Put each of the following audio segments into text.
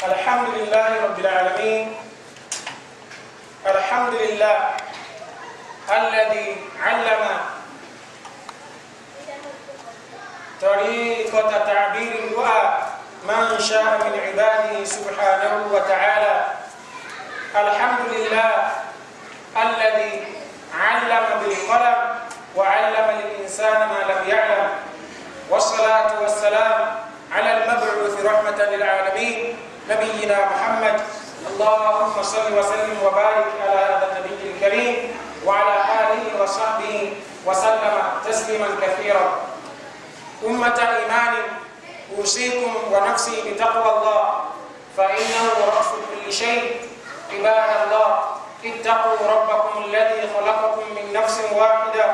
الحمد لله رب العالمين الحمد لله الذي علم طريقة تعبير الوعى من شاء من عباده سبحانه وتعالى الحمد لله الذي علم بالقلم وعلم الإنسان ما لم يعلم والصلاة والسلام على المبعوث رحمة للعالمين نبينا محمد اللهم صل وسلم وبارك على هذا النبي الكريم وعلى آله وصحبه وسلم تسليما كثيرا أمة إيمان أوصيكم ونفسي بتقوى الله فإنه رأس كل شيء عباد الله اتقوا ربكم الذي خلقكم من نفس واحدة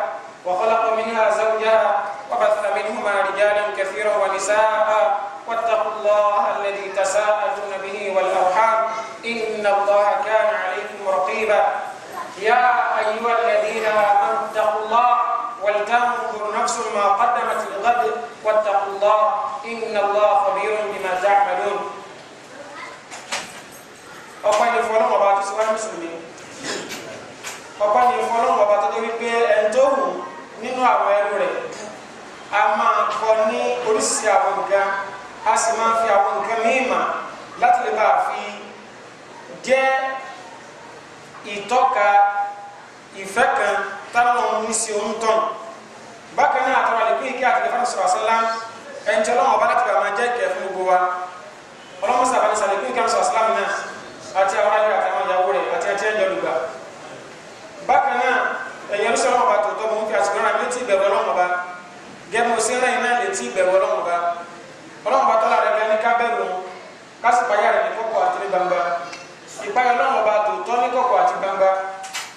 وخلق منها زوجها وبث منهما رجالا كثيرا ونساء واتقوا الله الذي تساءلون به والأرحام إن الله كان عليكم رقيبا يا أيها الذين آمنوا اتقوا الله ولتنظر نفس ما قدمت الغد واتقوا الله إن الله خبير بما تعملون ọpẹ́ ni fún ọlọ́wọ́ bá tó síwájú mùsùlùmí ọpẹ́ ni fún ọlọ́wọ́ bá tó dé wípé ẹni tó wù nínú àwọn ẹrú rẹ̀ a máa kọ ní oríṣiríṣi àwọn nǹkan a sì máa fi àwọn nǹkan mímà láti lè bá fi jẹ́ ìtọ́ka ìfẹ́ kan táwọn ní sí oúntàn bákan náà àtàwọn àlèkú yìí kí àtìlẹ́ fún sọ̀rọ̀ sọ́lá ẹni tí ọlọ́run ọba láti bá máa jẹ́ ìkẹ́ fún gbogbo wa ọlọ́run sábà ní sàlẹ̀kú yìí kí sọ̀rọ̀ sọ́lá náà ati àwọn ayé àtàwọn ìyàwó rẹ̀ àti àti ẹ̀jẹ̀ olùgbà bákan náà ẹ̀yẹ ló sọ̀rọ̀ ọba tòótọ́ mọ̀ ń fi àsìkò náà létí ìbẹ̀wọ̀ ọlọ́run ọba gẹ́gẹ́ mo ọlọ́run bá tọ́lá rẹ̀ gan ní kábẹ́rù wọn kásìpáyà rẹ̀ ní kọ̀kọ̀ àti ní gbangba ìpáyà ọlọ́run ọba tòótọ́ ní kọ̀kọ̀ àti gbangba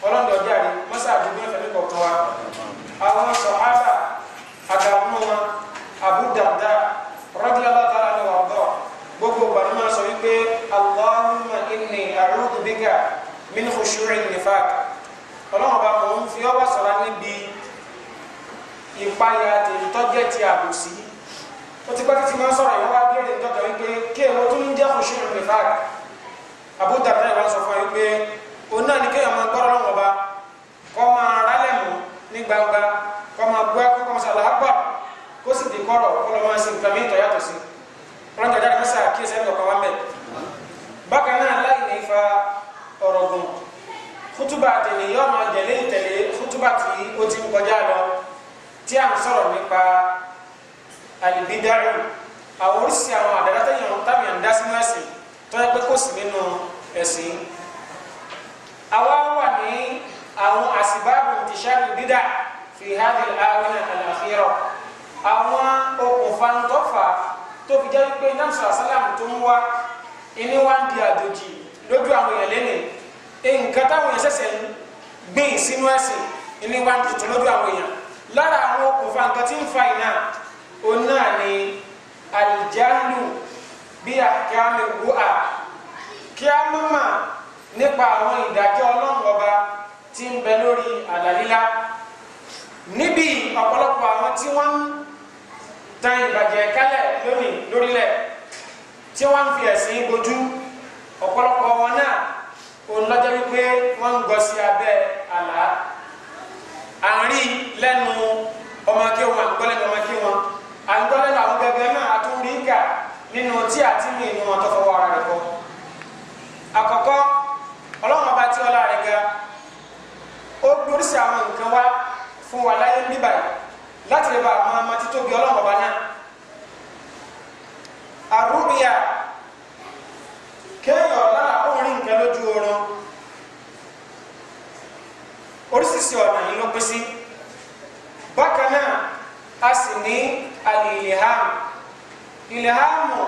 ọlọ́run dọ̀jà rẹ̀ mọ́sá àdúgbò ẹ̀fẹ̀ ní kọ̀kọ̀ wa àwọn sọ̀hábà àdàmú wọn Abu Darda radiyallahu ta'ala ní wàhálà gbogbo gbàdú máa sọ wípé Allahumma inni a'udhu bika min khushu'in nifaq ọlọ́run ọba mò ń fi ó ti pẹ́ títí máa ń sọ̀rọ̀ ìwọ́n wá bíèrè ń tọ́ka wípé kí èrò tó ń jẹ́ kòṣù ìrìn fáàkì àbúdà náà wọ́n sọ fún wa ni kéèyàn máa gbọ́rọ̀ lọ́wọ́ ọba kọ́ máa rálẹ̀ mú ní gbangba kọ́ máa bu akọ́ kọ́ máa sàlá àgbà kó sì di kọ́rọ̀ kó lọ́ máa sin nǹkan mí ìtọ́yàtọ̀ sí ọlọ́jà jáde mọ́sá àkíyèsí ẹ̀ lọ́kàn wá mẹ́ bákan náà láì ní fa ọ̀rọ̀ gùn fútúbà tèmi yọ máa jẹ̀lé ìtẹ̀lé fútúbà tí ti ń kọjá lọ tí à alibidaru àwọn oríṣi àwọn àdáda tó yàn táwọn yàn dá sínú ẹ̀sìn tó yẹ pé kò sí nínú ẹ̀sìn àwa wà ní àwọn àsìbáàbù ìtìṣàlù dídà fi hadhihi al-awina al-akhira àwọn okùnfà ń tọ́fà tó fi jẹ́ pé nàmsà sálàmù tó ń wá ẹni wá ń di àjòjì lójú àwọn èèyàn lẹ́nu nǹkan táwọn èèyàn ṣẹ̀ṣẹ̀ gbìn sínú ẹ̀sìn ẹni wá ń tutù lójú àwọn èèyàn lára àwọn okùnfà nǹkan tí ń fa ìnáà òun náà ni àlìjáàlù bí àkàmì wúà kí a mọ̀mọ̀ nípa àwọn ìdájọ́ ọlọ́run ọba tí ń bẹ lórí àlàlílá níbi ọ̀pọ̀lọpọ̀ àwọn tí wọ́n ń tan ìbàjẹ́ kálẹ̀ lónìí lórílẹ̀ tí wọ́n ń fi ẹ̀sìn bojú ọ̀pọ̀lọpọ̀ wọn náà òun lọ́jọ́ wípé wọ́n ń gọ sí abẹ́ àlá àárín lẹ́nu ọmọ kí wọn àgbọ́lẹ́nu ọmọ kí wọn àǹtọ́lẹ̀ làwọn gẹ́gẹ́ náà àtúndì kà nínú tí àti ní inú wọn tó fọwọ́ ara rẹ̀ kọ́ àkọ́kọ́ ọlọ́run ọba tí ọlá rẹ̀ ga ó gbóríṣi àwọn nǹkan wá fún wa láyé níbà yìí láti lè ba àwọn ọmọ títóbi ọlọ́run ọba náà àrùbíyà kéèyàn lára òórìn nǹkan lójú oorun oríṣiríṣi ọ̀nà yìí ló pín sí bákan náà a sì ní alìlìhàmù ìlìhàmù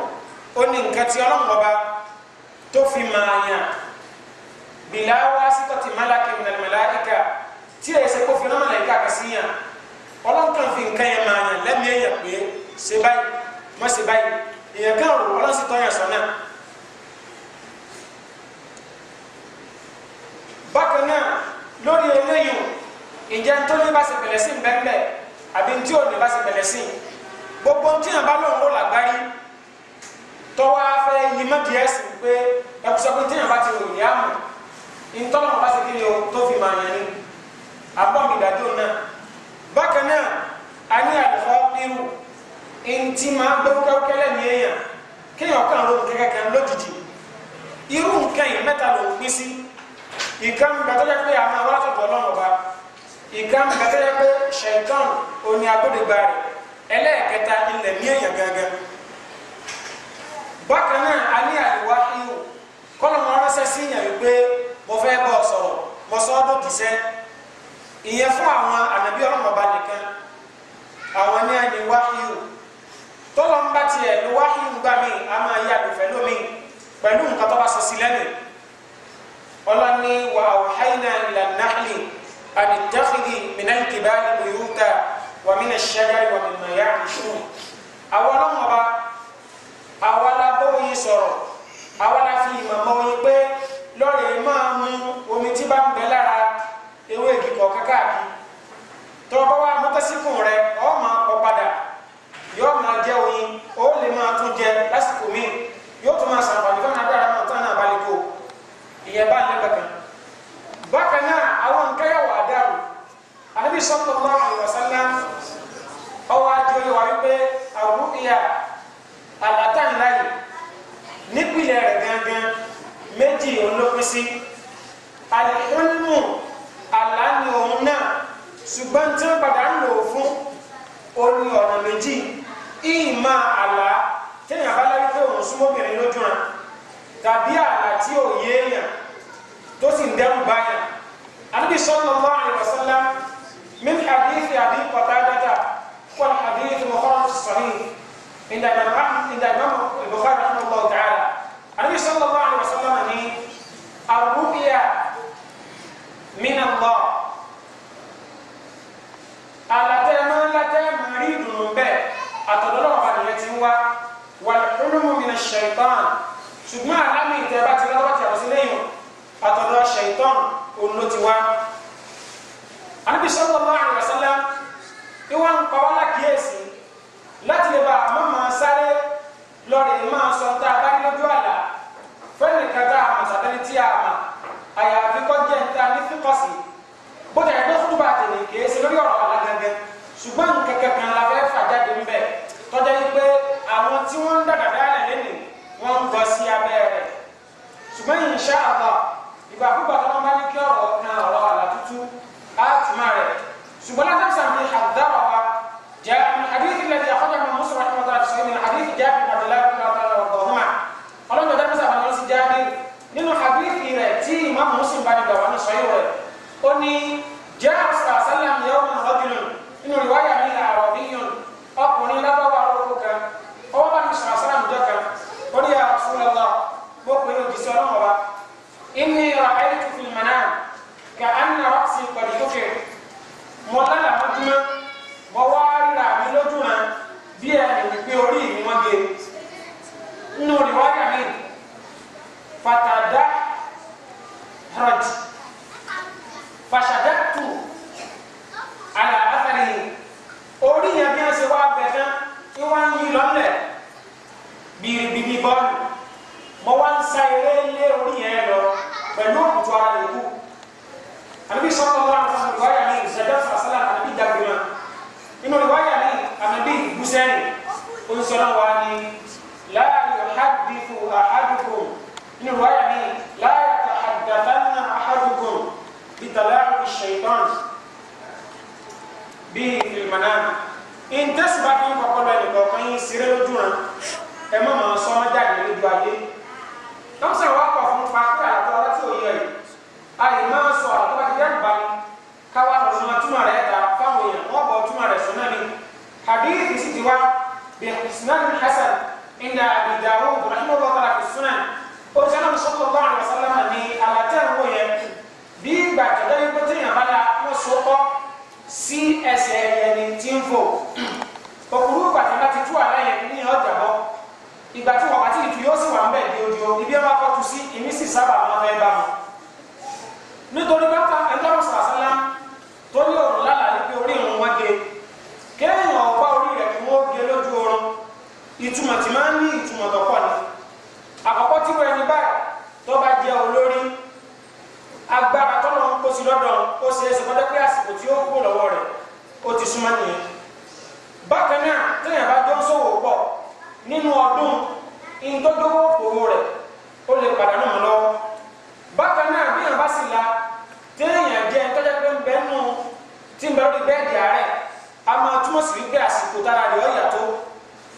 ó ní nǹkan tí ọlọ́run ọba tó fi máa yàn bìlà wá sítọ́tì málàkì mẹlẹmẹlẹ́kà tí èyí ṣe kó fi rán màláìka kà sí yàn ọlọ́run kan fi nǹkan yẹn máa yàn lẹ́mìí èèyàn pé ṣe báyìí má ṣe báyìí èèyàn kan rò ọlọ́run sì tọ́yàn sọ náà. lórí eléyìí ǹjẹ́ ntọ́ni bá ṣe bẹ̀rẹ̀ sí àbí ntí òní bá ṣe bẹ̀rẹ̀ gbogbo tí yàn bá lòun ó làgbárí tọ́wọ́ afẹ́ yìí má di ẹ̀sìn pé ẹ̀kúsọ́kùn tí yàn bá ti ròyìn àmọ́ ntọ́nà bá ti kiri o tó fi máa yàn ní abọ́mi ìdájọ́ náà bákan náà a ní àlùfọ́ irú ntí máa gbẹ́wọ́kẹ́wọ́kẹ́ lẹ́nu èèyàn kéèyàn kàn ló kẹ́kẹ́ kan lójijì irú nǹkan yìí mẹ́ta ló ń pín sí nǹkan gbàtọ́jà pé àmọ́ àwọn àtọ̀tọ̀ ọlọ́run ọba nǹkan gbàtọ́jà pé ṣẹ̀ńtọ́n òní agbódegbà rẹ̀ ẹlẹ́ẹ̀kẹta ilẹ̀ ní ẹ̀yà gángan bákan náà a ní àríwá ihò kọ́lọ̀ wọn ránṣẹ́ sí ìyàn wípé mo fẹ́ bọ́ sọ̀rọ̀ mo sọ ọ́ dòkìṣẹ́ ìyẹn fún àwọn ànábí ọlọ́mọba nìkan àwọn ní àríwá ihò tọ́lọ́ ń bá tiẹ̀ ní wáhíù gbà mí a máa yí àgbẹ̀fẹ́ lómi pẹ̀lú nǹkan tó bá sọ sí lẹ́nu ọlọ́ni wà áwòháyìnà ìlànà àlè àdìjọ́fìdì mìíràn kìbá ìlú yóò dáa wa mina shajari wa mimma ya'rishun àwọn ọlọ́wọ́n ba àwọn alábọ̀wọ̀ yìí sọ̀rọ̀ àwọn aláfi ìmọ̀mọ́ yìí pé lọ́rẹ̀ máa mu omi tí bá ń bẹ lára ewé igi kọ̀ọ̀kan káàkiri tọ́ ọ bá wà mọ́tẹ́síkùn rẹ anabi sallallahu alaihi wasallam ọwọ adi oye wa wípé àwùrúkìyà àlàtàǹláyè nípìnlẹ̀ rẹ̀ gangan méjì olópin sí alihulmu alani òun náà ṣùgbọ́n tí wọ́n padà ń lò fún orí ọ̀nà méjì ìmọ̀ àlá kéèyàn bá lárí pé òun súnmọ́bìnrin lójú hàn tàbí àlá tí ò yéèyàn tó sì ń dẹ́rù báyà àdúgbò sallallahu alaihi wasallam. من حديث أبي قتادة والحديث مخرج في الصحيح عند الإمام البخاري رحمه الله تعالى النبي صلى الله عليه وسلم بإسناد حسن عند أبي داود رحمه الله تعالى في السنن أرسل صلى الله عليه وسلم ní alátẹ̀wò yẹn bí ìgbà kẹlẹ́ yìí kó téèyàn bá la wọ́n so kọ́ sí ẹsẹ̀ ẹni tí ń fò òkúrú pàtàkì láti tú àlá yẹn ní ọjà bọ́ ìgbà tí wọ́n bá ti tù yóò sì wà ń bẹ̀ di ojú ibi ẹ̀ máa kọ́ tu sí ìmí sì sábà máa fẹ́ bá wọn. nítorí bá ta ẹgbẹ́ ọ̀sán àṣálá tó ní òrùn lálàá ní pé orí ìrùn wọn gé kéèyàn ìtumọ̀ tí máa ń ní ìtumọ̀ tọ̀pọ̀ ni àkọ́kọ́ tí wọ́n ẹni báyìí tó bá jẹ́ olórí agbára tọ́nà ó sì lọ́dọ̀ ó sì ẹsẹ̀ kọ́tẹ́ pé àsìkò tí ó kúrò lọ́wọ́ rẹ̀ ó ti súnmọ́ nìyẹn bákan náà téèyàn bá jọ ń ṣòwò pọ̀ nínú ọdún ìdójówó òwò rẹ̀ ó lè pàdánù lọ́wọ́ bákan náà bí èèyàn bá sì la téèyàn jẹ́ tọ́jà pé ń bẹ́ nù tí ń bẹ lórí bẹ́ẹ̀dì àárẹ̀ a máa túmọ̀ sí wípé àsìkò tára rẹ̀ ó yàtọ̀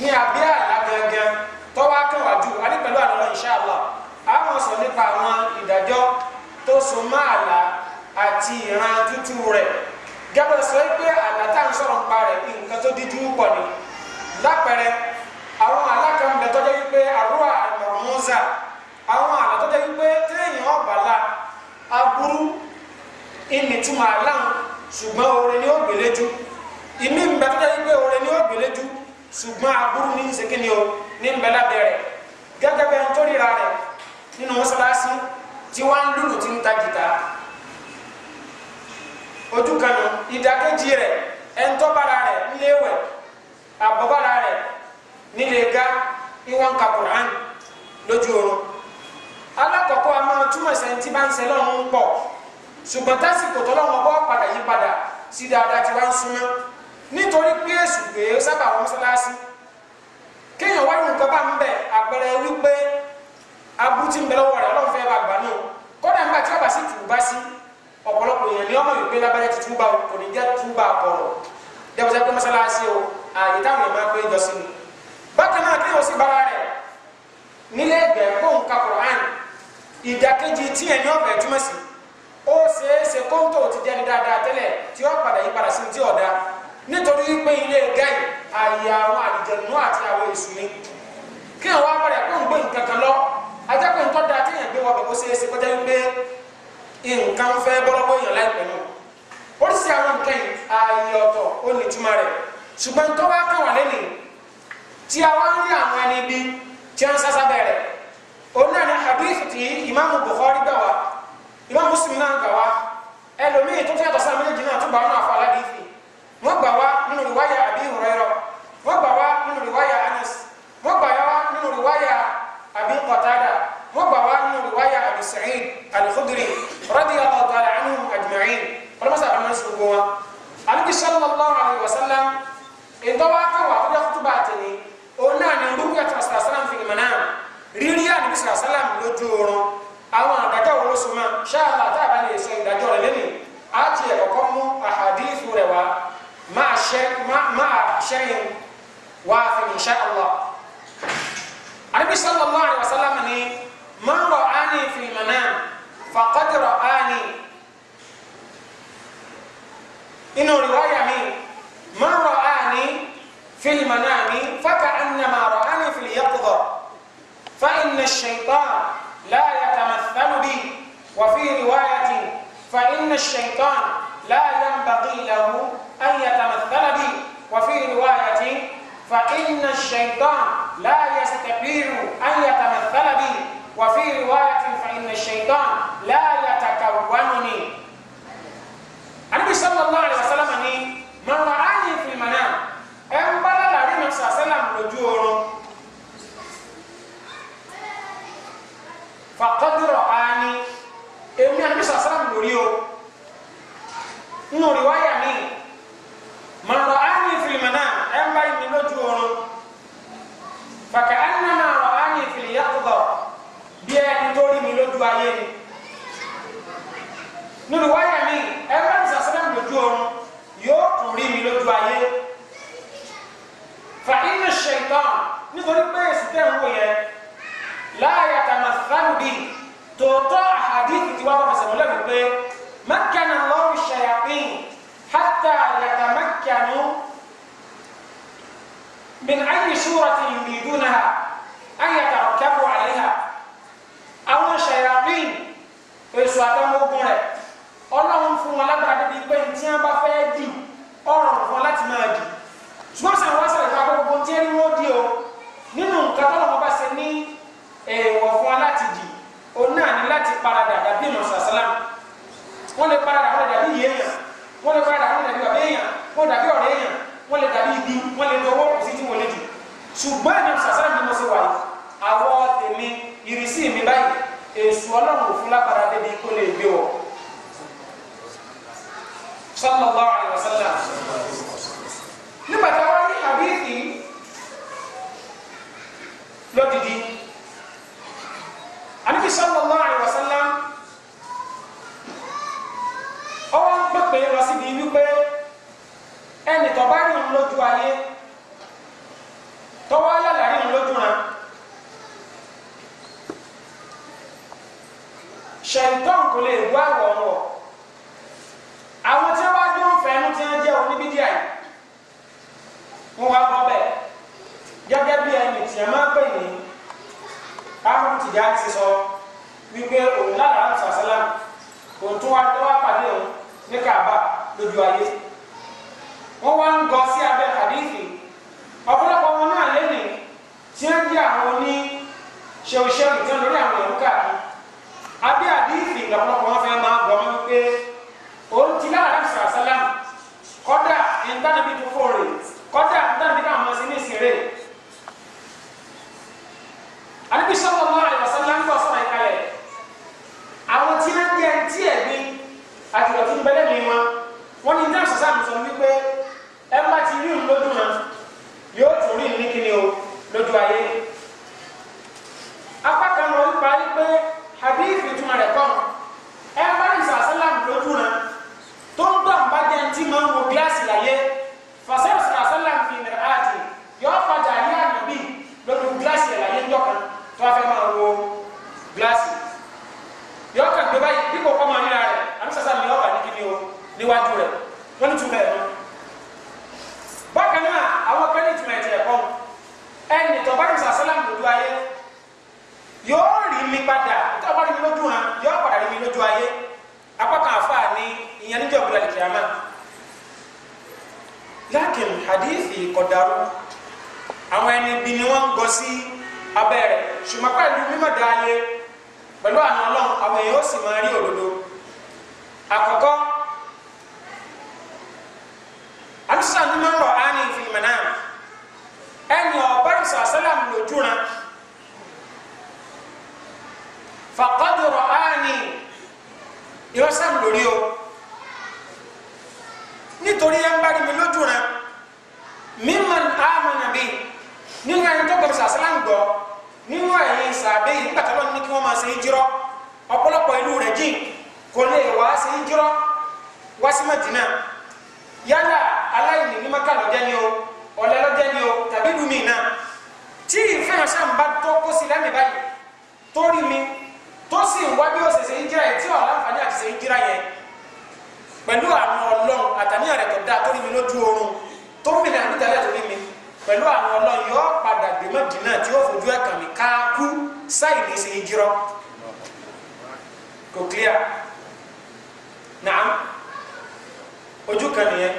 ní abẹ́ àlá gangan tọ́wọ́ akẹ́wàjú wa ní pẹ̀lú àlọ́ inṣàlá a máa sọ nípa àwọn ìdájọ́ tó so mọ́ àlá àti ìran tútù rẹ̀ gẹ́gẹ́ sọ pé àlá tá à ń sọ̀rọ̀ nípa rẹ̀ bí nǹkan tó díjú pọ̀ ni lápẹẹrẹ àwọn alákàmbẹ tó jẹ́ wípé àrùwà àmọ̀mọ́sà àwọn àlá tó jẹ́ wípé téèyàn ọ̀bàlà aburú ìnìtumọ̀ àláhùn ṣùgbọ́n oore ni ó gbèlé jù ìmí ìgbà tó jẹ́ wípé oore ni ó gbèlé jù a ṣùgbọ́n aburú ní ìsèkínni o ní nbẹ́lá bẹ̀rẹ̀ gẹ́gẹ́ bẹ́ẹ̀ ń tórira rẹ̀ nínú mọ́sálásí tí wọ́n ń lùlù tí ń ta jìtá ojú kanu ìdákejì rẹ̀ ẹ̀ńtọ́bara rẹ̀ ńléwẹ̀ àbọ̀bara rẹ̀ nílẹ̀ẹ́gá ìwọ̀n ka Qur'an lójú ala alákọ̀ọ́kọ́ a máa túmọ̀ sẹ́ni tí bá ń sẹ́ lọ́run ń pọ̀ ṣùgbọ́n tásìkò tọ́lọ́run ọgbọ́ padà yí padà sí si tí wọ́n ń súnmọ́ nítorí pé èsù kèé sábà wọn mọ́sálásí kéèyàn wáyé nǹkan bá ń bẹ àpẹẹrẹ wípé aburú ń bẹ lọ́wọ́ rẹ̀ ọlọ́run fẹ́ bá gbà náà kódà nígbà tí wọ́n sì tù bá sí ọ̀pọ̀lọpọ̀ èèyàn ní ọmọ ìgbé lábẹ́rẹ́ kò ní jẹ́ o ààyè táwọn èèyàn máa gbé jọ sí ni bákan náà kéèyàn sì bára rẹ̀ nílé ẹgbẹ́ kóhùn ìdàkejì nítorí wípé ilé gáì ààyè àwọn àdìjẹnú àti àwọn èṣù ni kí ẹ̀ wá bẹ̀rẹ̀ kó ń gbé nǹkan kan lọ ajẹ́pẹ̀ ńtọ́ da kéèyàn gbé wọ́n bẹ̀ kó ṣeé ṣe kọjá wípé nǹkan fẹ́ bọ́lọ́gbọ́ èèyàn láìpẹ́ nù oríṣi àwọn nǹkan yìí ààyè ọ̀tọ̀ ó ní túmọ̀ rẹ̀ ṣùgbọ́n tó wá kàn wọ́n lẹ́nu tí a wá ń rí àwọn ẹni bí tí wọ́n ń sásá bẹ̀rẹ̀ òun náà ní hadith tí ìmáàmù Bukhari gbà wá ìmáàmù Muslim náà gbà wá ẹlòmíì tó tẹ́tọ̀ sáà méjì Para dàbí mọ̀sásálám wọ́n lè parada wọ́n lè dàbí yéèyàn wọ́n lè parada wọ́n lè dàbí bàbá èèyàn wọ́n lè dàbí ọ̀rẹ́ èèyàn wọ́n lè dàbí ibi wọ́n lè lọ́wọ́ kò sí tí wọ́n lè jù ṣùgbọ́n ẹ̀yàn mọ̀sásálám ni mo ṣe wà yìí àwọ̀ tèmi ìrísí mi báyìí èṣù ọlọ́run òfin lápára débi kó lè gbé wọ sallallahu alayhi wa sallam nígbà táwọn ní àbí ìdí ẹnì tó bá rí òun lójú ayé tọ́wọ́ ayála rí òun lójú rẹ̀ ṣèǹtọ́n kò lè wá àwọ̀ ọ̀rọ̀ àwọn tí wọ́n dún fẹ́nu tí wọ́n jẹ́ oníbí díà yìí wọ́n wá bọ́ bẹ́ẹ̀ gẹ́gẹ́ bí ẹnì tí a máa pè ní káwọn tìjà ti sọ wípé òun lára àti sàṣálà òun tún wá tọ́wọ́ pàdé òun ní kàbá lójú ayé. One one gossip. wọn ni tuma yẹ lọ bákan náà àwọn kan ní tuma yẹ tiẹ kọ ẹnì tó bá ní sàsálà lójú ayé yóò rí mi padà tó bá rí mi lójú hàn yóò padà rí mi lójú ayé apákan àfa ni ìyẹn níjọ gbọdọ lè kíá máa lákìn hadithi kọdarú àwọn ẹni bí ni wọn gọ sí abẹ́rẹ́ ṣùgbọ́n pẹ̀lú mímọ̀ dáa yé pẹ̀lú àwọn ọlọ́run àwọn èèyàn sì máa rí òdodo àkọ́kọ́. ní máa ń rọ̀ ánì fìlìmọ̀ náà ẹni ọ̀bá ìsàsálàm lójú rán fàkọ́dù rọ̀ ánì ìrọ́sàm lórí o nítorí ẹ ń bá mi lójú rán mímọ̀ àmọ̀nà bíi nínú ẹni tó gbọ̀dọ̀ ìsàsálàm gbọ́ nínú ẹ̀yìn ìsàbẹ̀ yìí nígbà tó lọ́nà ní kí wọ́n máa ṣe é jírọ́ ọ̀pọ̀lọpọ̀ ìlú rẹ̀ jìn kò lè wá ṣe é jírọ́ wá sí Mẹ́dínà yálà aláìní ní maka lọ́jẹ́ ni o ọ̀lẹ́ lọ́jẹ́ ni o tàbí lumi náà tí ìfẹ́ yẹn sàn bá tó kó sí lẹ́mìí báyìí tó rí mi tó sì ń wá bí ó ṣe ṣe ń jíra yẹn tí ọ̀la nfààní àti ṣe ń jíra yẹn pẹ̀lú àánú ọlọ́run àtàníyàn rẹ̀ tó dáa tó rí mi lójú oorun tó mi náà nítorí àtòrí mi pẹ̀lú àánú ọlọ́run yọ padà dé Mẹ́dínà tí ó fojú ẹ̀ kàn mí ká kú sáì ní ṣe ń jírọ́ kò clear naam ojú kan nìyẹn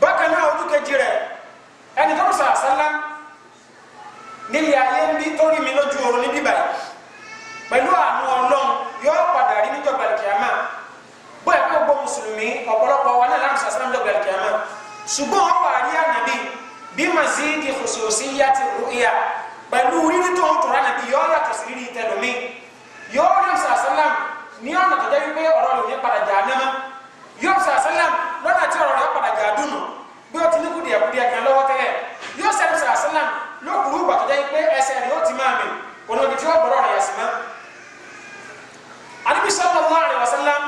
bákan náà ojú kejì rẹ ẹni tó ń sọ àsálá nílé ayé ń bí tó rí mi lójú oorun níbí báyìí pẹ̀lú àánú ọlọ́run yóò padà rí níjọba ìkìámà bó ẹ̀ka gbogbo mùsùlùmí ọ̀pọ̀lọpọ̀ wa náà láǹsà sálá níjọba ìkìámà ṣùgbọ́n wọ́n wà rí ànàbí bí mazidi khususiyyati ru'ya pẹ̀lú rírí tó ń tọ̀rọ̀ ànàbí yóò yàtọ̀ sí rírí tẹlumi yóò láǹsà sálá ní ọ̀nà tó jẹ́ wípé ọ̀rọ̀ lòun yẹn padà jà náà yóò sọ àṣàlám lọ́nà tí ọ̀rọ̀ rẹ̀ padà gàdú nù bí ó ti ní kùdìẹ̀ kùdìẹ̀ kan lọ́wọ́ tẹ́lẹ̀ yóò sẹ́nu sọ àṣàlám lókùrú gbàtọ́jà yìí pé ẹsẹ̀ rẹ̀ ó ti máa mì ònà òbí tí ó gbọ́dọ̀ rẹ̀ yàsí mọ́. Ànábì sallallahu alaihi wasallam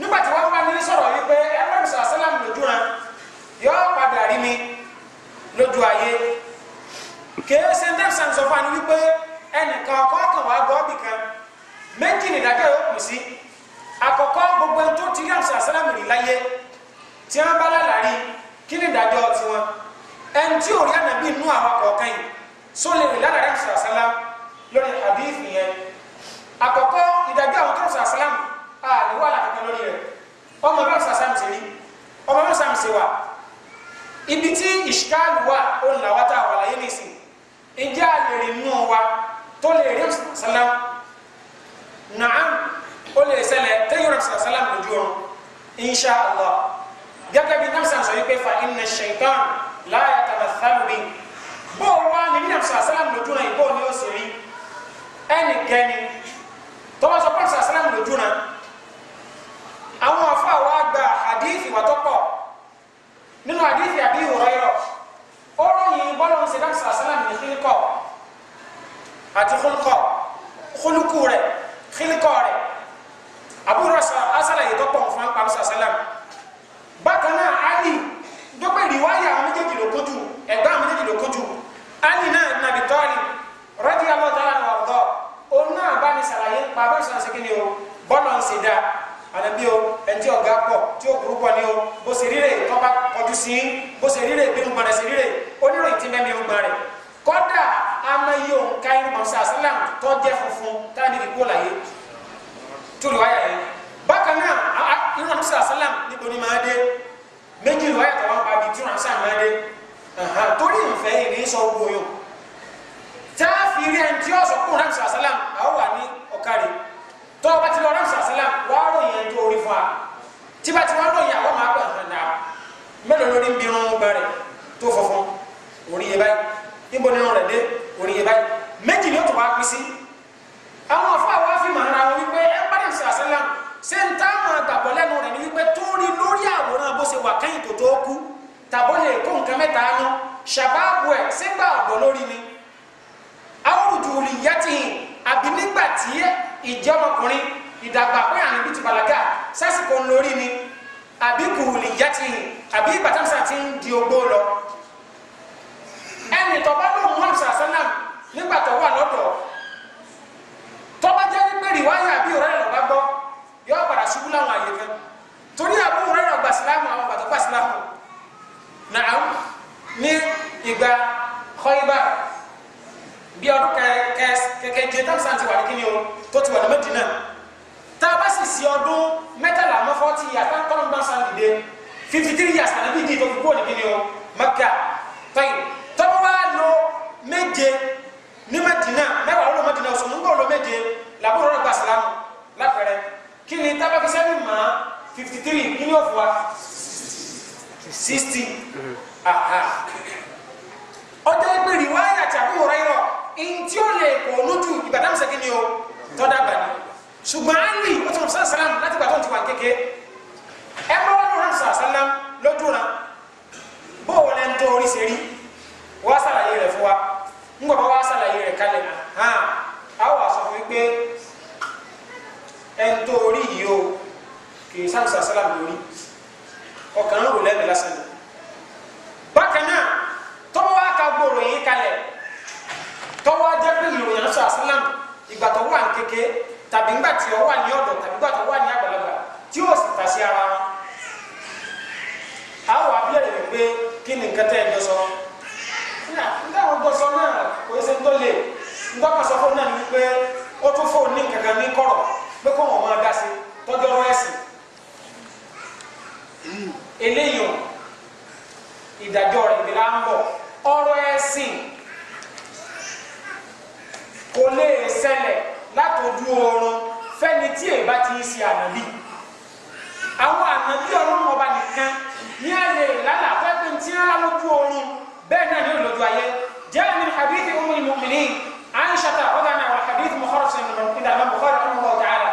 nígbà tí wọ́n bá ní sọ̀rọ̀ yìí pé ẹgbẹ́ sọ àṣàlám lójú rẹ̀ yóò padà rí mi lójú ayé kèé sèǹtẹ́ sàǹsọ̀fà ni wípé ẹnìkan ọkọ̀ àkọ́kọ́ gbogbo ẹni tó ti rí àṣà sálámù rí láyé tí wọ́n bá lálàrí kí ni ìdájọ́ tiwọn ẹni tí ò rí ànábì inú àwọn kọ̀ọ̀kan yìí só lè rí lálàrí àṣà sálámù lórí hadith yẹn àkọ́kọ́ ìdájọ́ àwọn tó ń sàsálámù àníwá làkàkẹ́ lórí rẹ̀ ọmọ bí àṣà ti rí ọmọ bí àṣà ti wà ibi tí ìṣkáàlù wà ó ń làwátà àwàlàyé nìsín ìjẹ́ àlèrè nù wa tó lè rí àṣà sálámù nàá ó lè ṣẹlẹ̀ tẹ́yìn rẹ̀ sàlá sàlám lójú ọ̀run insha allah gẹ́gẹ́ bí nàmsà sọ wípé fa inna shaitan la yatamathalu bi bó o wá ní nàmsà sàlám lójú ọ̀run ìbò ni ó sì rí ẹnì kẹni tọ́wọ́ sọ pọ́ǹsà sàlám lójú ọ̀run àwọn afọ àwọn àgbà hadithi wà tọ́pọ̀ nínú hadithi àbí ìwòrán ó ròyìn bọ́lá ń ṣe nàmsà sàlám ní kílíkọ̀ àti kúlùkọ̀ kúlùkù rẹ̀ kílíkọ̀ àbúrò asàlàyé tó pọ̀ fún apá sàsálàm bákan náà ali dọ́pẹ́ ìrìwáyà àwọn méjèèjì ló kojú ẹ̀gbọ́n ali náà nàbì tọ́ọ̀lì rọ́dí alọ́tàlá ní ọ̀dọ́ òun náà bá ní sàlàyé pa abẹ́ sọ̀rọ̀ sí kíni o bọ́ọ̀lù ń ṣe dáa ànàbí o ẹni tí ọ̀gá pọ̀ tí òkúrú pọ̀ ni o bó ṣe ríre tọ́ba kọjú sí i bó ṣe ríre bínú gbọ̀nà sí ríre oníròyìn tí mẹ́mi ń gbọ̀n tó jẹ́ funfun táàbí kíkó láyé tó lè wáyà yìí bákan náà irun hamsa salam níbo ni máa dé méjì lè wáyà tó wọn pàbí tí irun hamsa máa dé torí nfẹ́ ìrìn sọ owó yòó tá a fi rí ẹni tí ó sọ kún hamsa salam àwọn wà ní ọ̀kadì tó o bá ti lọ hamsa salam wàá ròyìn ẹni tó orí fún wa tí bá ti wá ròyìn àwọn máa gbà hàn náà mélòó lórí ń bí irun ọgbà rẹ tó fọfún orí yẹ báyìí níbo ni irun rẹ dé orí yẹ báyìí méjì ni ó tó wá pín sí àwọn afọ àwọn afi ra wọn wípé ẹ àti àṣẹlá ṣé ń tá àwọn àgbàgbọ́ lẹ́nu rẹ̀ ni wípé tó rí lórí àwòrán bó ṣe wà kẹ́yìn tó tó kú tàbọ̀ lè kó nǹkan mẹ́ta yán ṣàbáàbò ẹ̀ sígbà ọ̀dọ́ lórí ni awùrùjù òlìyẹ́tì àbí nígbà tí ìjẹ́ ọmọkùnrin ìdàgbà pé àrùn bíi ti bàlágà sásìkò lórí ni àbí kùrùlì yẹ́tì àbí ìbátámsà ti ń di ogbó lọ ẹnì tó bá lóun hàn sàṣánà nígbà tó wà lọ́dọ̀ọ́ o tó ti wà ní Mẹ́dínà tá a bá sì sí ọdún mẹ́tàlá mọ́ fọ́tì yàtá tọ́lọ́ bá fifty three years àná bí di tó kúrò ní kíni o Mẹ́kà tọ́yì tọ́wọ́ wá lo méje ní Mẹ́dínà mẹ́wàá ló Mẹ́dínà oṣù nígbà wo lo méje làbúrò rẹ̀ gba sàlámù lápẹ̀rẹ̀ kí ni tábàkísẹ́ mi mọ̀ fifty three kí ni ó fún wa sixty mm-hmm. aha ọjọ́ ìgbèrè wáyà tàbí òrẹ́rọ̀ ntí ó lè kọ̀ lójú ìbàdàn sẹ́kí ni o tọ́da bàní ṣùgbọ́n ali ó ti sàn sàlám láti gbà tó ti wà kéke ẹ bá wọn lọ́rùn sàn sàlám lójú ra bó wọn lẹ́ ń tó orí ṣe rí wọ́n á sàlàyé rẹ̀ fún wa ń gbọ́ bá wọ́n á sàlàyé rẹ̀ kalẹ̀ hàn àwọn àṣọ fún mi pé ẹ ń tó orí yìí o kì í sàn sàn sàlám lórí ọkàn rò lẹ́mìí lásán bákan náà. ìgbà tó wà ní kéke tàbí ńgbà tí ó wà ní ọ̀dọ̀ tàbí ńgbà tó wà ní àgbàlagbà tí ó sì tàsí ara wọn. àwọn abílẹ̀ rẹ̀ pé kí ni nǹkan tẹ́ ẹ jọ sọ. nígbà wọn gbọ́ sọ náà kò ṣe tó lè ńgbà kan sọ fún náà ni pé ó tún fóun ní kankan ní kọ̀rọ̀ pé kó wọn máa dá tọ́jú ọ̀rọ̀ ẹ̀sìn. eléyìí ìdájọ́ rẹ̀ ìbílẹ̀ ń bọ̀ ọ̀rọ̀ ẹ̀sìn kò lè ṣẹlẹ̀ látòjú oorun fẹ́ni tí èèbá ti ń ṣe ànábì àwọn ànábì ọlọ́run ọba nìkan ní àlè lálà pẹ́pẹ́ tí ń rán lójú oorun bẹ́ẹ̀ náà ní olójú ayé jẹ́ min hadith ummul mu'minin Aisha ta ọ̀gá náà wà hadith mọ̀kọ́rọ̀ sọ̀rọ̀ ìdààmú Bukhari ọ̀hún ọ̀gá ta'ala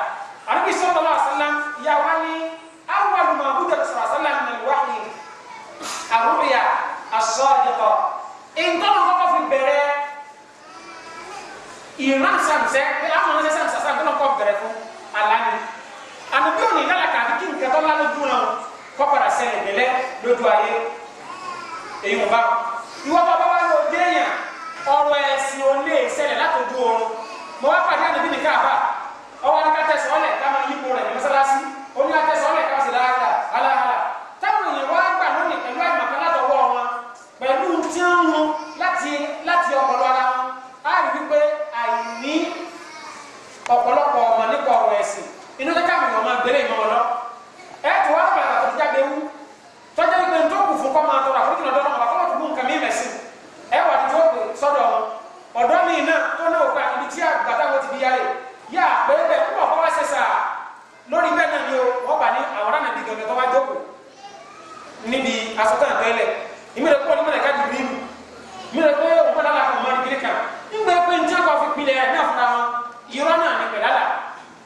ànábì sallallahu alaihi wasallam yà wá ní awwal ma budda sallallahu alaihi wasallam min iran sam sɛ afɔna sɛ sam sasa bɛna kɔ gɛrɛ fo alani ani bi oni nala ka fi kin kɛtɔ la lójú na kɔ para sɛ ɛdɛlɛ lójú ayé o mo bá ìwọ bàbá wa ló dé yàn ọ̀rọ̀ ẹsìn olè ṣẹlẹ̀ láti ojú oorun mo wá pàdé àdébí nìkan àbá ọwọ alákatẹsọ ọlẹ ká máa yípo rẹ ní mọ́sálásí ó ní akẹsọ ọlẹ k ọ̀pọ̀lọpọ̀ ọmọ nípa ọ̀rọ̀ ẹ̀sìn inú kẹta àwọn ọmọ gbélé ìmọ̀ ọ̀nà ẹ̀ tó wá bàbà tó jáde wú tọ́jú ìpè tó kù fún kọ́mọ àtọ́ra fún ìjìnà dọ́nà ọ̀bà kọ́mọ tó gún nǹkan mímẹ̀ sí ẹ̀ wà tó tó sọ́dọ̀ wọn ọ̀dọ́ mi náà tó náà gba ibi tí àgbàtà wọn ti di yáre yá pẹ́ẹ́pẹ́ púpọ̀ kọ́ wá ṣe lórí bẹ́ẹ̀ náà ni o wọ́n bà ní àwòrán náà di gẹ̀gẹ̀ tó wá jókòó níbi asọ́tàn tẹ́lẹ̀ ìmìlẹ̀ púpọ̀ nígbà di bíbù ìmìlẹ̀ pé òun kọ́ lára kò mọ ìgbìlẹ̀ kan ń gbé pé ń jẹ́ irọ́ náà ní pẹ̀lú àlà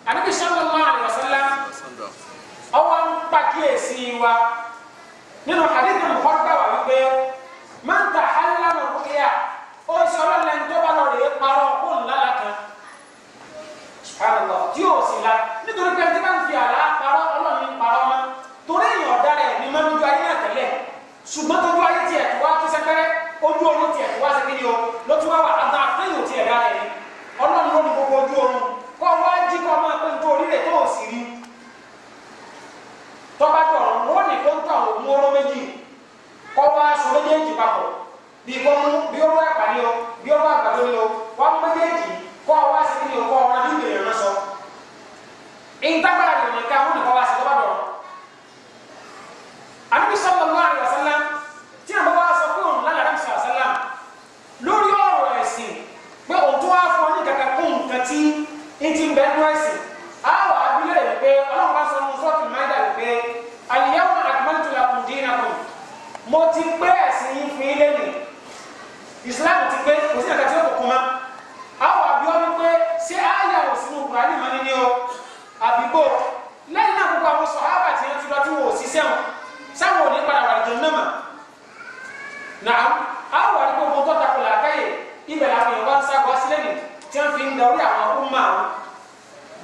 ànábì sallallahu alaihi wasallam ọwọ́ ń pàkíyèsí wa nínú hadith mọ̀kọ́dá wà wípé máa ń ta alámọ̀ rúkìá ó sọ lọ́lẹ̀ ń tó bá lọ rèé parọ́ kó ń lára kan subhanallah tí yóò sì la nítorí pé ẹni bá ń fi àlá parọ́ ọlọ́run ń parọ́ mọ́ torí èèyàn ọ̀dá rẹ̀ ní máa ń ju ayé náà tẹ̀lẹ̀ ṣùgbọ́n tó ju ayé tiẹ̀ tó wá tó sẹ́kẹ́rẹ́ ojú ọlọ́run tiẹ̀ tó wá sẹ́kẹ́rẹ́ o lọ́tún wá wà àtàkùn èèyàn tiẹ̀ dá rẹ̀ ni ojú oorun kọ́ wá jí kọ́ máa pé nítorí rẹ̀ tó sì rí tọ́ba dọ̀rọ̀ wọ́n ní kó ń tọ̀ àwọn òun ọ̀rọ̀ méjì kọ́ wá aṣọ méjèèjì papọ̀ bí kọ́ mú bí ọ̀rọ̀ àgbà ni o bí ọ̀rọ̀ àgbà ló ní o wọ́n méjèèjì kọ́ wá sí ni o kọ́ ọ̀rọ̀ ntí ń bẹ́ẹ̀ nú ẹ̀sìn àwọn abilé rẹ̀ pé ọlọ́run bá sọ fún sọ́ọ̀tì máìdá rẹ̀ pé àlìyáwó àdìmọ́tò làkùn dín náà kùn mo ti pé ẹ̀sìn yín fún ilé mi ìsìláàmù ti pé kò sí àkàtúntò kọ̀ọ̀kan mọ́ àwọn abiọ́ ni pé ṣé àyà òsínú kùránì mọ́ nínú o àbígbò lẹ́yìn náà gbogbo àwọn sàhábà tí wọ́n ti lọ tí wọ́n ò ṣiṣẹ́ wọn sáwọn ò ní padà wà lójú náà mà náà àwọn àdìgbò gbogbo tọ́ta kò làákàyè ibẹ̀ làwọn èèyàn wá fi ń darí àwọn ọmọ àwọn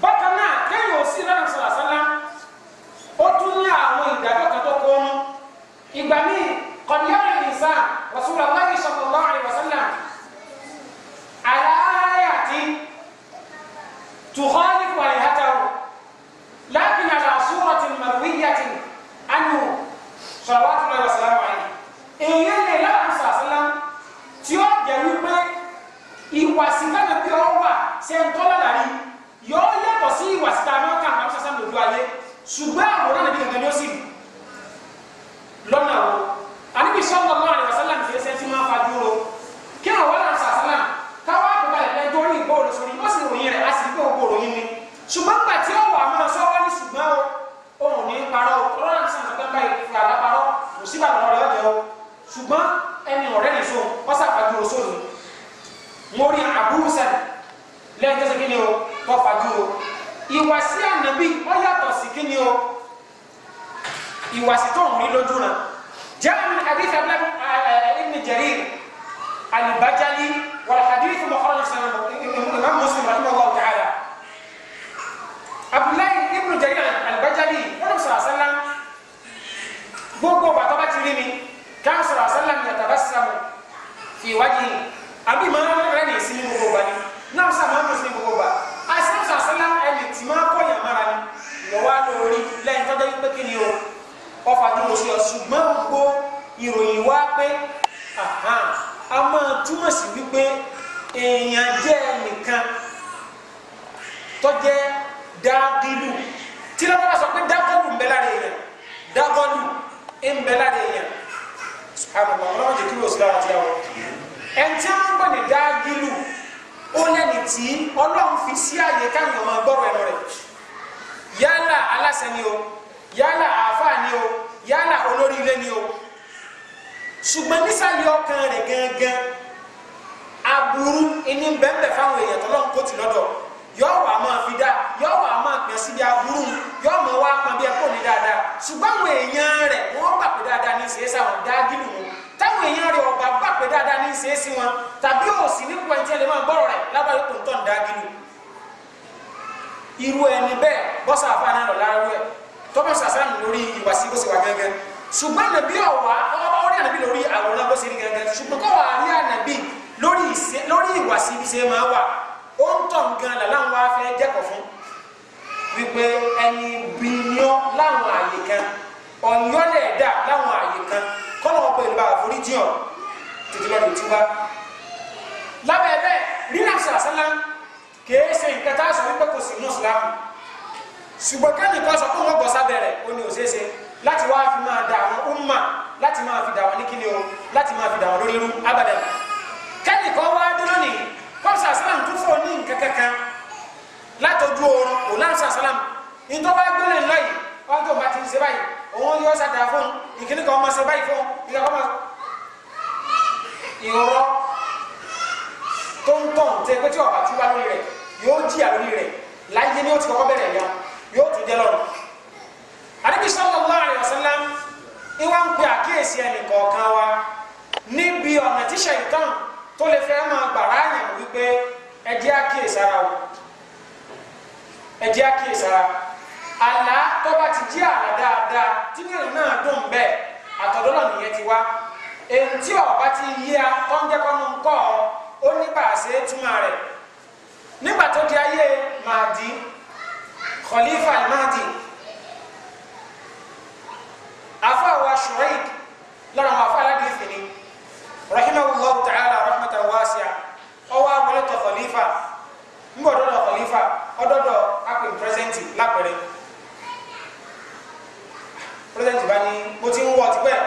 bákan náà kẹ́yìn òsì náà sàlàsàlà ó tún ní àwọn ìdájọ́ kan tó kó ọ́nú ìgbà míì kọ̀díyàrá nìsa wàsúlà láyé sọ̀tọ̀lá àríwàsálà àlàáyà ti tùhọ́ kan wà sẹ́ńtọ́lá làrí yọ yàtọ̀ sí ìwà síta náà kà máa sọ́sá lójú ayé ṣùgbọ́n àwòrán nàbí kankan ni ó sì lọ́nà wo àníbi sọ́ńtọ́ náà àlè wàsálà ní fèrèsé tí máa fajú ro kí àwọn wà láǹsà sálà káwá àkókò àlẹ́ ẹjọ́ ní ìgbó òròsórí ó sì ròyìn rẹ̀ á sì gbé ògbó òròyìn ni ṣùgbọ́n gbà tí ó wà máa sọ wá ní ṣùgbọ́n o òun ní parọ́ ọlọ́run àti sàn sọ́kẹ́ báyìí fún àláparọ́ kò síbà lọ́rẹ́ ọ̀jẹ̀ o ṣùgbọ́n ẹni ọ̀rẹ́ nìṣó ni mori abusan lẹ́jọ́ se kini o tọ́fajú o anabi o ya to si kini o ìwàsí to ń rí lójú náà jẹ́mi eh, eh, ibn Jarir al-Bajali wal hadith mọ̀kànlá sanad imam Muslim rahimahullah ta'ala abdullahi ibn Jarir al-Bajali wọn sọ̀rọ̀ sẹ́lá ba bàtọ́ ba ti ri mi káà sọ̀rọ̀ sẹ́lá mi yàtọ̀ fi wajhi àbí màá rẹ̀ ní sí ní gbogbo ọba ni náà sá màá mọ̀ sí ní gbogbo ọba àìsàn àṣẹlá ẹni tí máa kọ́ yàn mára ni lọ́wọ́ á lórí lẹ́yìn tọ́jú pé kí ni o ọfà tó mo ṣe ọ ṣùgbọ́n gbogbo ìròyìn wá pé a máa túmọ̀ sí wípé èèyàn jẹ́ nìkan tọ́jẹ́ dágìlù tí lọ́wọ́ bá sọ pé dágọ́lù ń bẹ lára èèyàn dágọ́lù ń bẹ lára èèyàn subhanallah ọlọ́run jẹ́ kí ló sì lára ti dáwọ́ ẹnití wọn gbọ́ ní dáàgìlù ó lẹ́ni tí ọlọ́run fi sí àyè káwọn ọmọ gbọ́rọ̀ ẹnu rẹ̀ yálà aláṣẹ ni o yálà àáfàá ni o yálà olórí ilé ni o ṣùgbọ́n nísàlẹ̀ ọkàn rẹ̀ gangan aburú ìní bẹ́ẹ̀ fáwọn èèyàn tó lọ́n kó tì lọ́dọ̀ yóò wà máa fi dá yóò wà máa pín síbi aburú yóò máa wá pọn bí ẹkọ ní dáadáa ṣùgbọ́n àwọn èèyàn rẹ̀ wọ́n gbà dáadáa ní ìṣeéṣà wọn dáàgìlù wọn táwọn èèyàn rẹ̀ ọ pé dáadáa ní ṣe é sí wọn tàbí òsì ní pẹ̀ntì ẹ̀ lè máa gbọ́rọ̀ rẹ̀ lábàá yóò tó ń tọ̀ ń dá gínú irú ẹni bẹ́ẹ̀ bọ́sà àfáàná lọ láàárọ̀ ẹ̀ tọ́pọ̀ sàsán lórí ìwàsí bó ṣe wà gángan ṣùgbọ́n nàbí ọ̀wá ọmọ bá orí ànàbí lórí àwòrán bó ṣe rí gángan ṣùgbọ́n kọ́ wà á rí ànàbí lórí ìwàsí bí ṣe máa wà ó ń tọ̀ gan là wá fẹ́ jẹ́kọ̀ọ́ fún wípé ẹni bìyàn láwọn àyè kan ọ̀yọ́lẹ̀ dà láwọn àyè kan kọ́nà ọ̀pọ̀ ìlú tètè lọ lòtú wá lábẹ́ bẹ́ẹ̀ rírà sàlásálá kìí ṣe nǹkan tá a sọ wípé kò sí mùsùlùmí ṣùgbọ́n káyìn kan sọ fún ọgbọ̀nsá bẹ̀rẹ̀ ó ní òṣèṣe láti wá fi máa da àwọn umma láti máa fi dà wọn ní kíni o láti máa fi dà wọn lórí irú abadan káyìn kan wá dúró ní kọ́mùsà sálàm tún fún ọ ní nǹkan kankan látọjú oorun kò láǹsà sálàm ìtọ́ bá gbélé ńlọ yìí wọ́n tó bá ti ń ṣe báyìí òun yóò ṣàdá fún ìkíní kan ọmọ ṣe báyìí fún ìyá ọmọ irọ́ tó ń tàn tẹ pé tí ọ̀rọ̀ àtúbá lórí rẹ̀ yóò jìyà lórí rẹ̀ láyé ni ó ti kọ́kọ́ bẹ̀rẹ̀ yan yóò tún jẹ́ lọ́rùn. àdébí sallallahu alaihi wasallam ìwà ń pe àkíyèsí ẹnì kọ̀ọ̀kan wa níbi ọ̀nà tíṣẹ̀ ìtàn tó lè fẹ́ máa gbàrá yàn wípé ẹ jẹ́ àkíyèsára o ẹ jẹ́ àkíyèsára àlá tó bá ti jẹ́ àlá dáadáa tí nìyẹn náà dùn bẹ́ẹ̀ àtọ̀dọ́lọ́ nìyẹn ti wá èntì ọba ti yí a kọ́njẹ́kọ́nu kọ́ ọ ó ní pàṣẹ túmọ̀ rẹ̀ nígbà tó di ayé Mahdi Khalifa Mahdi afa wa Shuraik lọ́nà àwọn afa aládìsí ni rahimahullahu ta'ala rahmatan wasi'a ọwọ́ àwọn ẹ̀tọ́ Khalifa nbọ dọdọ Khalifa ọdọdọ apẹ pírẹsẹǹtì lápẹrẹ pírẹsẹǹtì bá ní mo ti ń wọ tipẹ́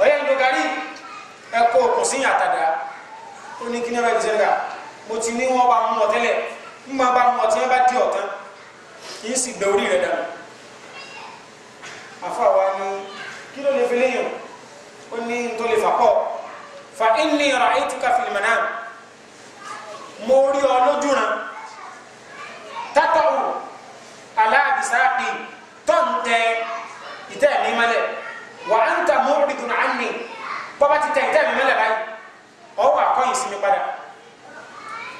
ọ̀yẹ́ ń lo gàrí ẹ̀kọ́ òkùn sí àtàdá ó ní kí ní ẹ̀rọ ìṣẹ́gà mo ti ní wọ́n bá mú ọ tẹ́lẹ̀ ń máa bá mú ọ tí wọ́n bá dé ọ̀tán kì í sì gbẹ orí rẹ̀ dànù àfa wa ni kí ló lè fi léyìn ó ní tó lè fà pọ̀ fa inni ra'aytuka fil manam mo rí ọ lójú ràn tẹ̀ tẹ́ mi mẹ́lẹ̀ báyìí ọwọ́ àkọ́yìn sí mi padà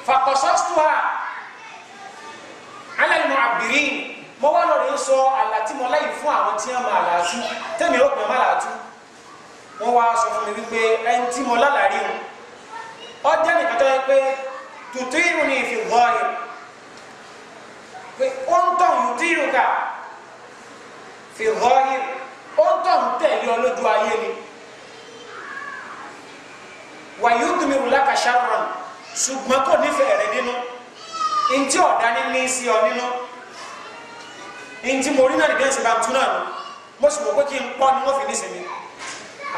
fàkọ̀sọ́sù wa alẹ́ nu àbírí mo wá lọ́ọ́ sọ àlàtìmọ́ láyé fún àwọn tí wọ́n máa làásù tẹ́mi ó pè má làásù wọ́n wá sọ fún mi wípé ẹni tí mo lálàárí o ọ jẹ́ tó yẹ pé tùtù irun ni ìfi wọ́ ẹ pé ó ń tọ̀ ń tí irun kà fi wọ́ ẹ ó ń tọ̀ ń tẹ̀lé ọ lójú ayé ni wà yóò tún mi wùlá ka ṣàrán ṣùgbọ́n kò nífẹ̀ẹ́ rẹ nínú ntí ọ̀dá ní ní sí ọ nínú ntí mo rí náà ní bẹ́ẹ̀ sì tún náà nù mo sì mọ̀ pé kí n pọ́ ni wọ́n fi ní sinmi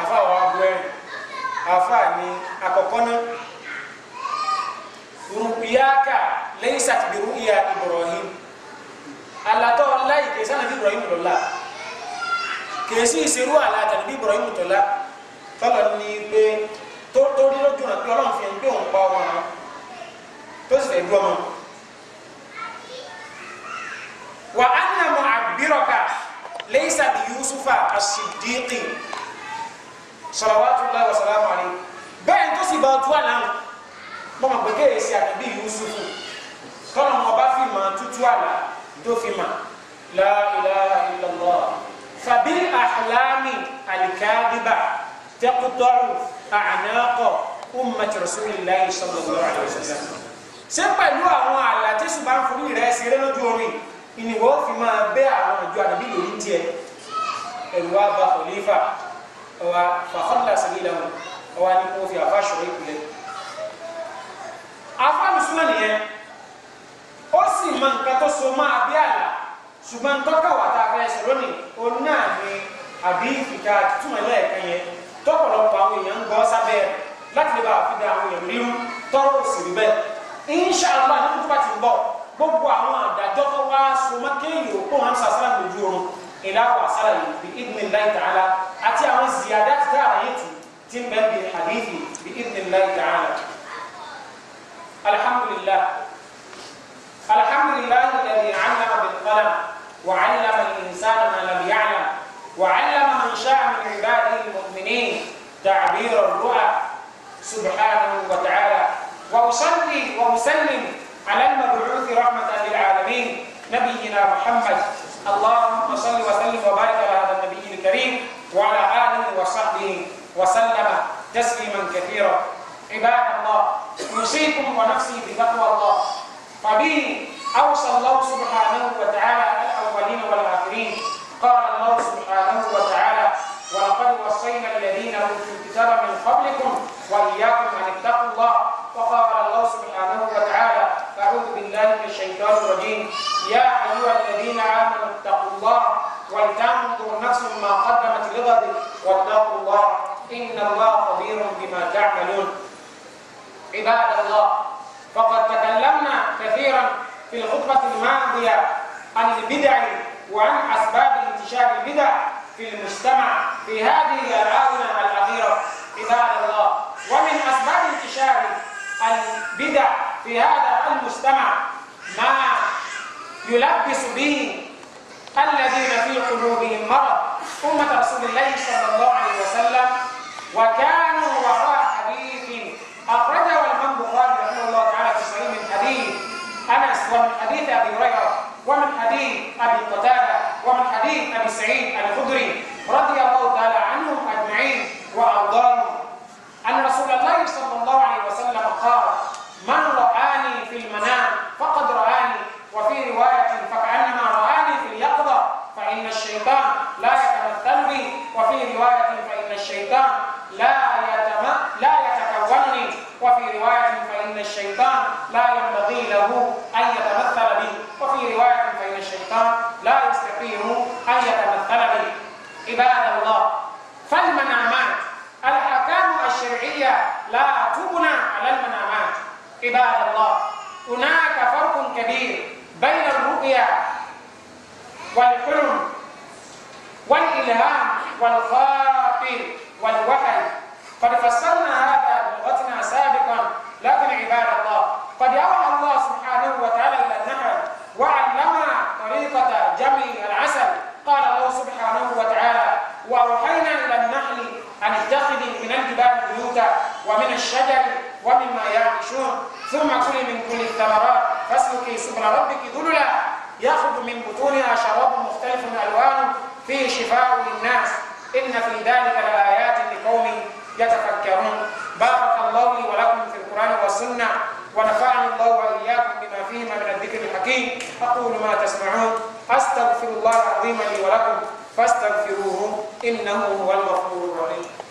àfa àwọn abo ẹ̀rìn àfa ni àkọ́kọ́ náà rúbíákà lẹ́yìn sàtìbẹ̀rù ìyá Ibrahim alatọ́ láì kèsì ànàbí Ibrahim lọ́la kèsì ìṣerú àlà àtàlẹ́bí Ibrahim tọ́la tọ́lọ́ ní pé rí lójú rẹ̀ pé ọlọ́run fi ń gbé òun pa ọmọ rẹ̀ tó sì fẹ́ gbé ọmọ. wà á nà mọ àgbírọ̀kà laysa bí yusufa as-siddiqi salawatullahi wa salamu bẹ́ẹ̀ tó sì bá ọtú àlànà mọ́ mọ̀ pé kéèyèsí àbíbí yusufu tọ́nà wọn bá fi mọ̀ tútú àlà dófìmà la ilaha illallah fabil ahlami alikadiba. تقطع أعناق أمة رسول الله صلى الله عليه وسلم ṣé pẹ̀lú àwọn àlà tí ṣùgbọ́n bá ń forí rẹ̀ ṣeré lójú orin ìníwọ́ fi máa bẹ́ àwọn ìjọ àdàbí lórí tiẹ̀ ẹ̀rù wa ba khalifa ọwa fàkọ́dà sàgílà wọn ọwa ní kó fi àfa ṣọ̀rọ̀ ìpìlẹ̀. afáàlù súnmọ́ nìyẹn ó sì mọ nǹkan tó so máa bí àlà ṣùgbọ́n tọ́ka wà tá a fẹ́ sọ̀rọ̀ ní òun náà ni àbí ìfìkà túmọ̀ lẹ́ẹ̀kan yẹn tọkọlọ pa àwọn èèyàn ń gbọ́ sábẹ́ láti lè bá àfi da àwọn èèyàn rírun tọrọ òsì rí bẹ́ẹ̀ inṣàlá ní kúkú bá ti ń bọ̀ gbogbo àwọn àdájọ́ tó wá so mọ́ kéèyàn òpó hàn sàṣàlá lójú oorun ìlà wà sára yìí bí idin láì tààlà àti àwọn ziyadá ti dára yé tu ti ń bẹ́ẹ̀ bí hadithi bí idin láì tààlà. alhamdulillah alhamdulillah alladhi 'allama bil qalam wa 'allama al-insana ma lam ya'lam. وعلم من شاء من عباده المؤمنين تعبير الرؤى سبحانه وتعالى وأصلي وأسلم على المبعوث رحمة للعالمين نبينا محمد اللهم صل وسلم وبارك على هذا النبي الكريم وعلى آله وصحبه وسلم تسليما كثيرا عباد الله نوصيكم ونفسي بتقوى الله فبه أوصى الله سبحانه وتعالى الأولين والآخرين قال الله سبحانه وتعالى ولقد وصينا الذين اوتوا الكتاب من قبلكم واياكم ان اتقوا الله وقال الله سبحانه وتعالى اعوذ بالله من الشيطان الرجيم يا ايها الذين امنوا اتقوا الله ولتنظر نفس ما قدمت لغد واتقوا الله ان الله خبير بما تعملون عباد الله فقد تكلمنا كثيرا في الخطبه الماضيه عن البدع وعن اسباب انتشار البدع في المجتمع في هذه الآونة الأخيرة عباد الله ومن أسباب انتشار البدع في هذا المجتمع ما يلبس به الذين في قلوبهم مرض أمة رسول الله صلى الله عليه وسلم وكانوا وراء حديث أخرجه الإمام البخاري رحمه الله تعالى في صحيح من حديث أنس ومن حديث أبي هريرة ومن حديث أبي قتادة ومن حديث أبي سعيد الخدري رضي الله تعالى عنهم أجمعين وأرضاهم أن رسول الله صلى الله عليه وسلم قال من رآني في المنام فقد رآني وفي رواية فكأنما رآني في اليقظة فإن الشيطان لا يتمثل بي وفي رواية فإن الشيطان لا يتم لا يتكونني وفي رواية فإن الشيطان لا ينبغي له أن يتمثل بي وفي رواية فإن الشيطان لا يستطيع عباد الله فالمنامات الأحكام الشرعية لا تبنى على المنامات عباد الله هناك فرق كبير بين الرؤيا والحلم والإلهام والخاطر والوحي قد فسرنا هذا بلغتنا سابقا لكن عباد الله قد أوحى الله سبحانه وتعالى إلى النحل وعلمنا طريقة جمع العسل قال الله سبحانه وتعالى وأوحينا إلى النحل أن اتخذي من الجبال بيوتا ومن الشجر ومما يعيشون ثم كلي من كل الثمرات فاسلكي سبل ربك ذللا يأخذ من بطونها شراب مختلف ألوان فيه شفاء للناس إن في ذلك لآيات لقوم يتفكرون بارك الله لي ولكم في القرآن والسنة ونفعني الله وإياكم بما فيهما من الذكر الحكيم أقول ما تسمعون أستغفر الله العظيم لي ولكم فاستغفروه إنه هو الغفور الرحيم